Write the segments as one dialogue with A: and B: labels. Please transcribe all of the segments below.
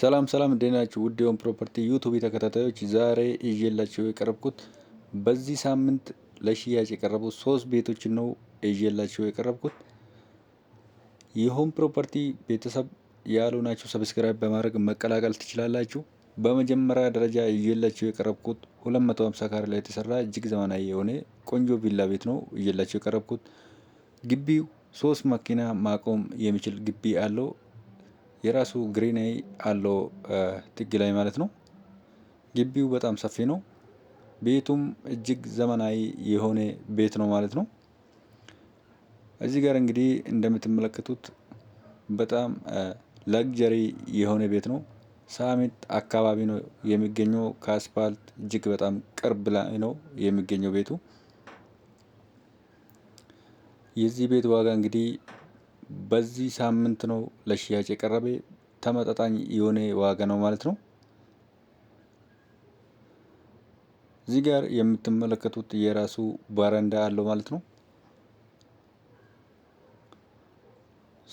A: ሰላም ሰላም እንዴት ናችሁ? ውድ የሆን ፕሮፐርቲ ዩቱብ ተከታታዮች ዛሬ ይዤላችሁ የቀረብኩት በዚህ ሳምንት ለሽያጭ የቀረቡት ሶስት ቤቶችን ነው ይዤላችሁ የቀረብኩት። የሆም ፕሮፐርቲ ቤተሰብ ናችሁ ሰብስክራይብ በማድረግ መቀላቀል ትችላላችሁ። በመጀመሪያ ደረጃ ይዤላችሁ የቀረብኩት 250 ካሬ ላይ የተሰራ እጅግ ዘመናዊ የሆነ ቆንጆ ቪላ ቤት ነው ይዤላችሁ የቀረብኩት። ግቢው ሶስት መኪና ማቆም የሚችል ግቢ አለው። የራሱ ግሪናይ አለው ጥግ ላይ ማለት ነው። ግቢው በጣም ሰፊ ነው። ቤቱም እጅግ ዘመናዊ የሆነ ቤት ነው ማለት ነው። እዚህ ጋር እንግዲህ እንደምትመለከቱት በጣም ለግጀሪ የሆነ ቤት ነው። ሳሚት አካባቢ ነው የሚገኘው። ከአስፓልት እጅግ በጣም ቅርብ ላይ ነው የሚገኘው ቤቱ። የዚህ ቤት ዋጋ እንግዲህ በዚህ ሳምንት ነው ለሽያጭ የቀረበ ተመጣጣኝ የሆነ ዋጋ ነው ማለት ነው። እዚህ ጋር የምትመለከቱት የራሱ ባረንዳ አለው ማለት ነው።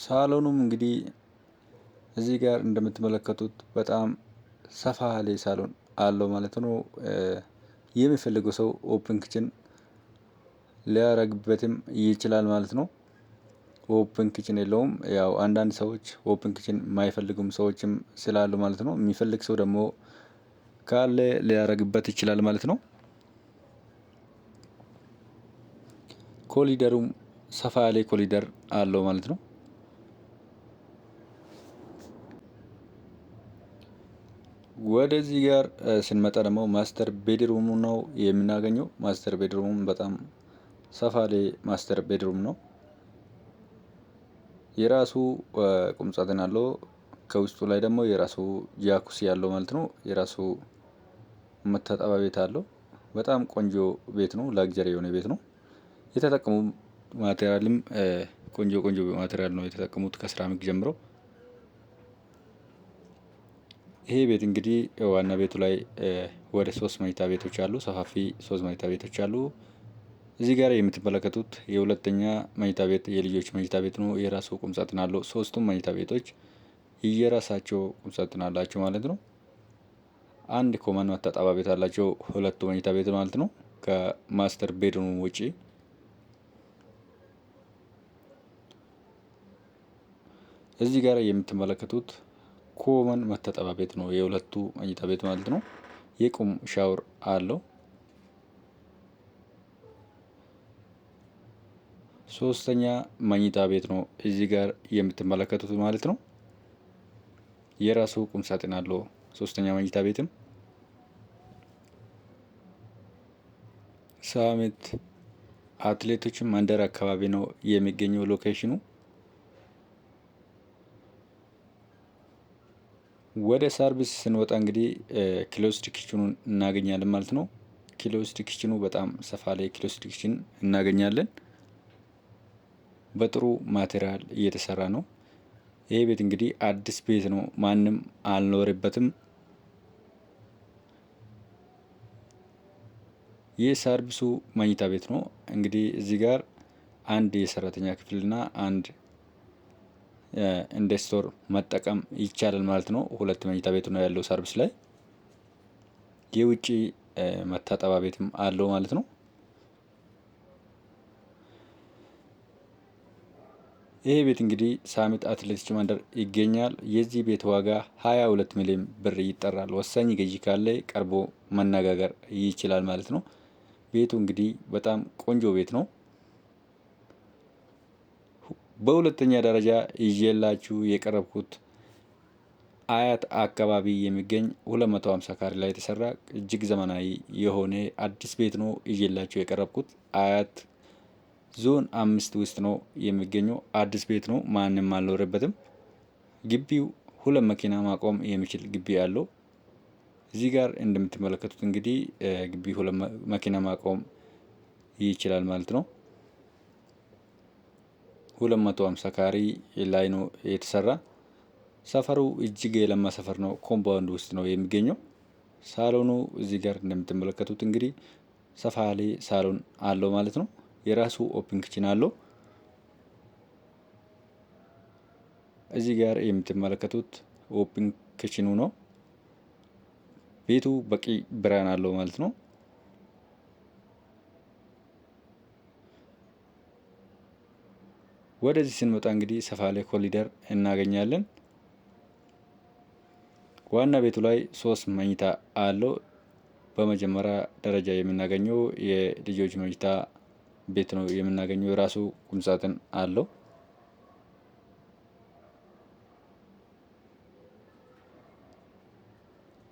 A: ሳሎኑም እንግዲህ እዚህ ጋር እንደምትመለከቱት በጣም ሰፋ ያለ ሳሎን አለው ማለት ነው። የሚፈልገው ሰው ኦፕን ኪችን ሊያረግበትም ይችላል ማለት ነው። ኦፕን ክችን የለውም። ያው አንዳንድ ሰዎች ኦፕን ክችን የማይፈልጉም ሰዎችም ስላሉ ማለት ነው። የሚፈልግ ሰው ደግሞ ካለ ሊያደርግበት ይችላል ማለት ነው። ኮሊደሩም ሰፋ ያለ ኮሊደር አለው ማለት ነው። ወደዚህ ጋር ስንመጣ ደግሞ ማስተር ቤድሩሙ ነው የምናገኘው። ማስተር ቤድሩሙም በጣም ሰፋ ያለ ማስተር ቤድሩም ነው። የራሱ ቁምጻትን አለው። ከውስጡ ላይ ደግሞ የራሱ ጃኩሲ ያለው ማለት ነው። የራሱ መታጠቢያ ቤት አለው። በጣም ቆንጆ ቤት ነው። ላግጀሪ የሆነ ቤት ነው። የተጠቀሙ ማቴሪያልም ቆንጆ ቆንጆ ማቴሪያል ነው የተጠቀሙት ከሴራሚክ ጀምሮ። ይሄ ቤት እንግዲህ ዋና ቤቱ ላይ ወደ ሶስት መኝታ ቤቶች አሉ። ሰፋፊ ሶስት መኝታ ቤቶች አሉ። እዚህ ጋር የምትመለከቱት የሁለተኛ መኝታ ቤት የልጆች መኝታ ቤት ነው። የራሱ ቁምሳጥን አለው። ሶስቱም መኝታ ቤቶች እየራሳቸው ቁምሳጥን አላቸው ማለት ነው። አንድ ኮመን መታጠባ ቤት አላቸው ሁለቱ መኝታ ቤት ማለት ነው። ከማስተር ቤድሩም ውጪ እዚህ ጋር የምትመለከቱት ኮመን መታጠባ ቤት ነው። የሁለቱ መኝታ ቤት ማለት ነው። የቁም ሻወር አለው። ሶስተኛ መኝታ ቤት ነው እዚህ ጋር የምትመለከቱት ማለት ነው። የራሱ ቁም ሳጥን አለው ሶስተኛ መኝታ ቤትም ሳሚት አትሌቶች መንደር አካባቢ ነው የሚገኘው ሎኬሽኑ። ወደ ሰርቪስ ስንወጣ እንግዲህ ክሎስድ ኪችኑን እናገኛለን ማለት ነው። ክሎስድ ኪችኑ በጣም ሰፋ ላይ ክሎስድ ኪችን እናገኛለን። በጥሩ ማቴሪያል እየተሰራ ነው። ይሄ ቤት እንግዲህ አዲስ ቤት ነው። ማንም አልኖርበትም። ይህ ሰርቪሱ መኝታ ቤት ነው። እንግዲህ እዚህ ጋር አንድ የሰራተኛ ክፍልና አንድ እንደ ስቶር መጠቀም ይቻላል ማለት ነው። ሁለት መኝታ ቤት ነው ያለው ሰርቪስ ላይ የውጭ መታጠቢያ ቤትም አለው ማለት ነው። ይሄ ቤት እንግዲህ ሳሚት አትሌቲክስ መንደር ይገኛል። የዚህ ቤት ዋጋ 22 ሚሊዮን ብር ይጠራል። ወሳኝ ገዢ ካለ ቀርቦ መነጋገር ይችላል ማለት ነው። ቤቱ እንግዲህ በጣም ቆንጆ ቤት ነው። በሁለተኛ ደረጃ ይዤላችሁ የቀረብኩት አያት አካባቢ የሚገኝ 250 ካሬ ላይ የተሰራ እጅግ ዘመናዊ የሆነ አዲስ ቤት ነው ይዤላችሁ የቀረብኩት አያት ዞን አምስት ውስጥ ነው የሚገኘው። አዲስ ቤት ነው፣ ማንም አልኖረበትም። ግቢው ሁለት መኪና ማቆም የሚችል ግቢ አለው። እዚህ ጋር እንደምትመለከቱት እንግዲህ ግቢ ሁለት መኪና ማቆም ይችላል ማለት ነው። ሁለት መቶ ካሪ ላይ ነው የተሰራ። ሰፈሩ እጅግ የለማ ሰፈር ነው። ኮምፓውንድ ውስጥ ነው የሚገኘው። ሳሎኑ እዚህ ጋር እንደምትመለከቱት እንግዲህ ሰፋ ያለ ሳሎን አለው ማለት ነው። የራሱ ኦፕን ክችን አለው። እዚህ ጋር የምትመለከቱት ኦፕን ክችኑ ነው። ቤቱ በቂ ብርሃን አለው ማለት ነው። ወደዚህ ስንመጣ እንግዲህ ሰፋ ላይ ኮሊደር እናገኛለን። ዋና ቤቱ ላይ ሶስት መኝታ አለው። በመጀመሪያ ደረጃ የምናገኘው የልጆች መኝታ ቤት ነው የምናገኘው። የራሱ ቁምሳጥን አለው።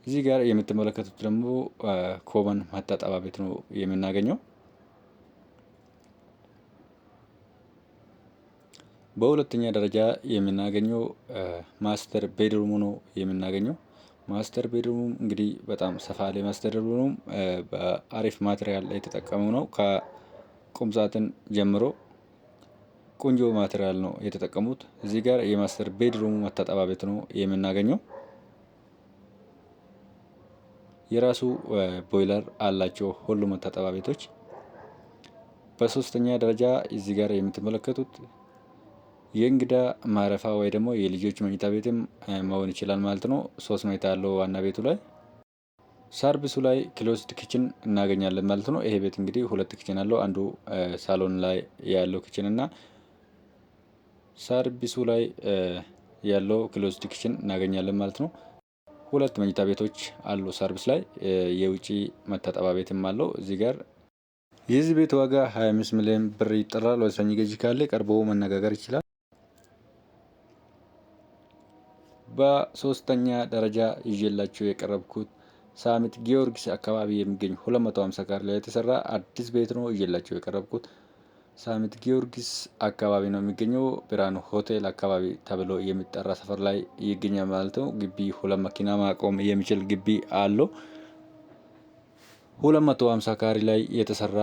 A: እዚህ ጋር የምትመለከቱት ደግሞ ኮመን መታጠቢያ ቤት ነው የምናገኘው። በሁለተኛ ደረጃ የምናገኘው ማስተር ቤድሩሙ ነው የምናገኘው። ማስተር ቤድሩሙም እንግዲህ በጣም ሰፋ ላይ ማስተር ቤድሩሙም በአሪፍ ማቴሪያል ላይ የተጠቀመው ነው። ቁም ሳጥን ጀምሮ ቆንጆ ማቴሪያል ነው የተጠቀሙት። እዚህ ጋር የማስተር ቤድሩሙ መታጠቢያ ቤት ነው የምናገኘው። የራሱ ቦይለር አላቸው ሁሉ መታጠቢያ ቤቶች። በሶስተኛ ደረጃ እዚህ ጋር የምትመለከቱት የእንግዳ ማረፋ ወይ ደግሞ የልጆች መኝታ ቤትም መሆን ይችላል ማለት ነው። ሶስት መኝታ ያለው ዋና ቤቱ ላይ ሰርቪሱ ላይ ክሎዝድ ክችን እናገኛለን ማለት ነው። ይሄ ቤት እንግዲህ ሁለት ክችን አለው። አንዱ ሳሎን ላይ ያለው ክችን እና ሰርቪሱ ላይ ያለው ክሎዝድ ክችን እናገኛለን ማለት ነው። ሁለት መኝታ ቤቶች አሉ ሰርቪስ ላይ። የውጭ መታጠቢያ ቤትም አለው እዚህ ጋር። የዚህ ቤት ዋጋ 25 ሚሊዮን ብር ይጠራል። ወሳኝ ገዢ ካለ ቀርቦ መነጋገር ይችላል። በሶስተኛ ደረጃ ይዤላችሁ የቀረብኩት ሳሚት ጊዮርጊስ አካባቢ የሚገኝ 250 ካሬ ላይ የተሰራ አዲስ ቤት ነው እየላቸው የቀረብኩት። ሳሚት ጊዮርጊስ አካባቢ ነው የሚገኘው። ብርሃን ሆቴል አካባቢ ተብሎ የሚጠራ ሰፈር ላይ ይገኛል ማለት ነው። ግቢ ሁለት መኪና ማቆም የሚችል ግቢ አለው። 250 ካሬ ላይ የተሰራ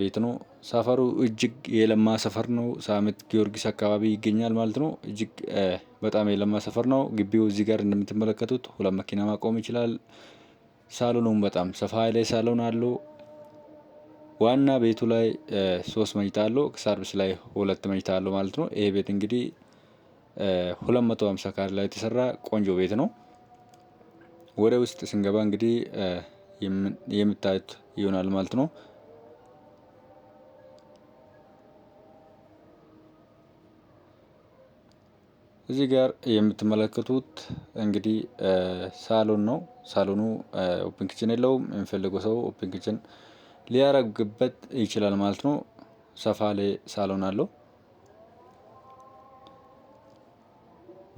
A: ቤት ነው። ሰፈሩ እጅግ የለማ ሰፈር ነው። ሳሚት ጊዮርጊስ አካባቢ ይገኛል ማለት ነው። እጅግ በጣም የለማ ሰፈር ነው። ግቢው እዚህ ጋር እንደምትመለከቱት ሁለት መኪና ማቆም ይችላል። ሳሎኑም በጣም ሰፋ ያለ ሳሎን አለው። ዋና ቤቱ ላይ ሶስት መኝታ አለው። ሰርቪስ ላይ ሁለት መኝታ አለው ማለት ነው። ይሄ ቤት እንግዲህ ሁለት መቶ ሀምሳ ካሬ ላይ የተሰራ ቆንጆ ቤት ነው። ወደ ውስጥ ስንገባ እንግዲህ የምታዩት ይሆናል ማለት ነው። እዚህ ጋር የምትመለከቱት እንግዲህ ሳሎን ነው። ሳሎኑ ኦፕን ኪችን የለውም። የሚፈልገው ሰው ኦፕን ኪችን ሊያረግበት ይችላል ማለት ነው። ሰፋ ላይ ሳሎን አለው።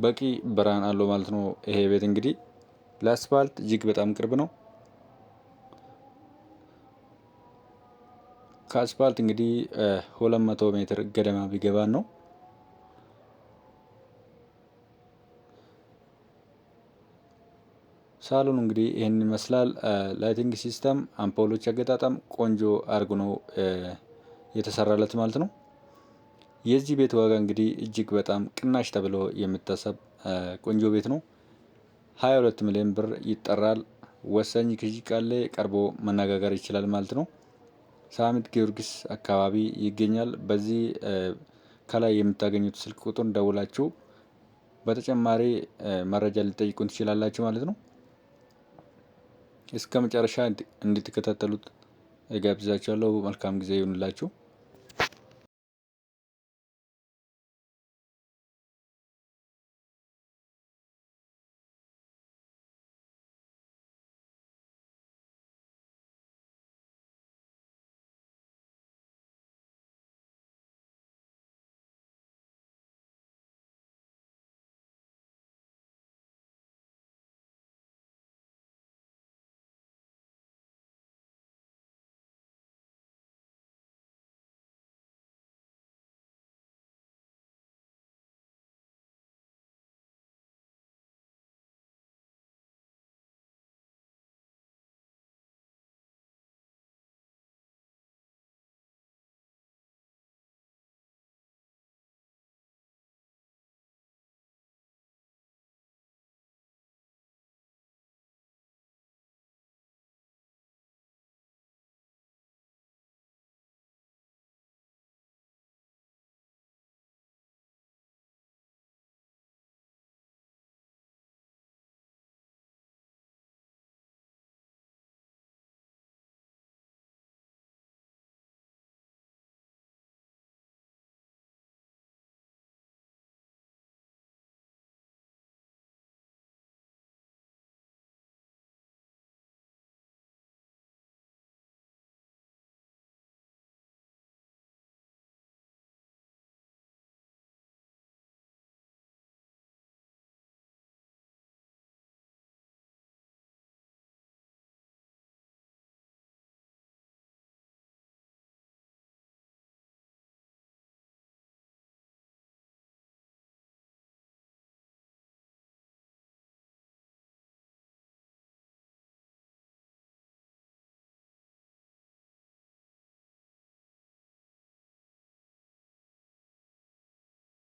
A: በቂ ብርሃን አለው ማለት ነው። ይሄ ቤት እንግዲህ ለአስፋልት እጅግ በጣም ቅርብ ነው። ከአስፋልት እንግዲህ 200 ሜትር ገደማ ቢገባን ነው። ሳሎን እንግዲህ ይህን ይመስላል። ላይቲንግ ሲስተም፣ አምፖሎች አገጣጣም ቆንጆ አርግ ነው የተሰራለት ማለት ነው። የዚህ ቤት ዋጋ እንግዲህ እጅግ በጣም ቅናሽ ተብሎ የምታሰብ ቆንጆ ቤት ነው። 22 ሚሊዮን ብር ይጠራል። ወሳኝ ክዥ ቃለ ቀርቦ መነጋገር ይችላል ማለት ነው። ሳሚት ጊዮርጊስ አካባቢ ይገኛል። በዚህ ከላይ የምታገኙት ስልክ ቁጥር ደውላችሁ በተጨማሪ መረጃ ልጠይቁን ትችላላችሁ ማለት ነው። እስከ መጨረሻ እንዲተከታተሉት እጋብዛችኋለሁ። መልካም ጊዜ ይሁንላችሁ።